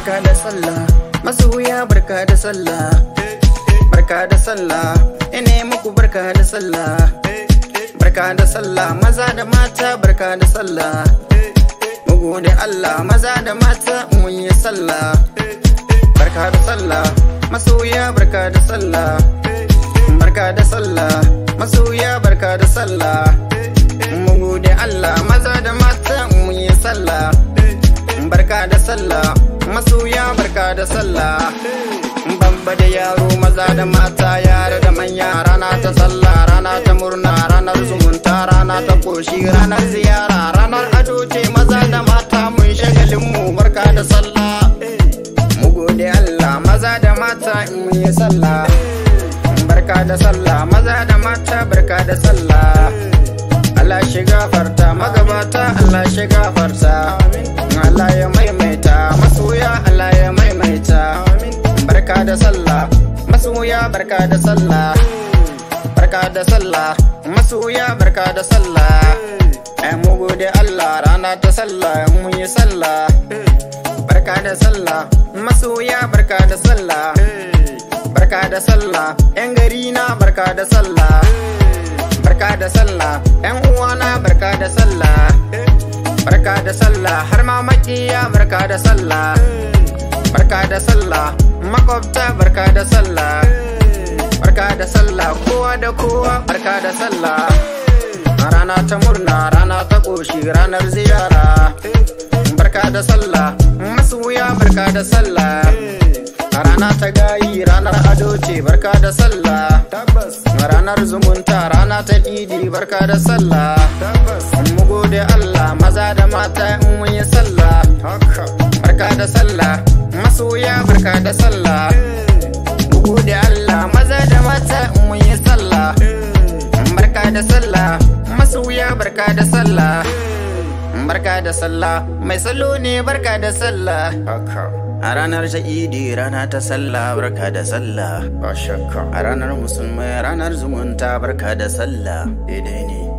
barka da sallah masoya barka da sallah barka da sallah ine muku barka da sallah barka da sallah maza da mata barka da sallah mu gode Allah maza da mata mun yi sallah barka da sallah masoya barka da sallah barka da sallah masoya barka da sallah mu gode Allah maza da mata mun yi sallah barka da sallah masoya barka da sallah bamba da yaro maza da mata yare da manya rana ta sallah rana ta murna ranar zumunta rana ta koshi ranar ziyara ranar ado maza da mata mun shagalin mu barka da sallah mu gode Allah maza da mata in yi sallah barka da sallah maza da mata barka da sallah Allah shiga farta magabata Allah shiga farta da sallah masoya barka da sallah barka da sallah masoya barka da sallah ai mu gode Allah rana ta sallah mun yi sallah barka da sallah masoya barka da sallah barka da sallah yan gari na barka da sallah barka da sallah yan na barka da sallah barka da sallah har ma makiya barka da sallah barka da sallah makwabta barka da sallah barka da sallah kowa da kowa barka da sallah rana ta murna rana ta ƙoshi ranar ziyara barka da sallah masu wuya barka da sallah rana ta gayi ranar ado ce barka da sallah ranar zumunta rana ta didi barka da sallah mu gode Allah maza da mata in mun yi da sallah Bugu da Allah maza da mata mun yi sallah Barka da sallah masuya barka da sallah Barka da sallah mai sallo ne barka da sallah A ranar sha'idi rana ta sallah barka da sallah A ranar musulmai ranar zumunta barka da sallah Idai ne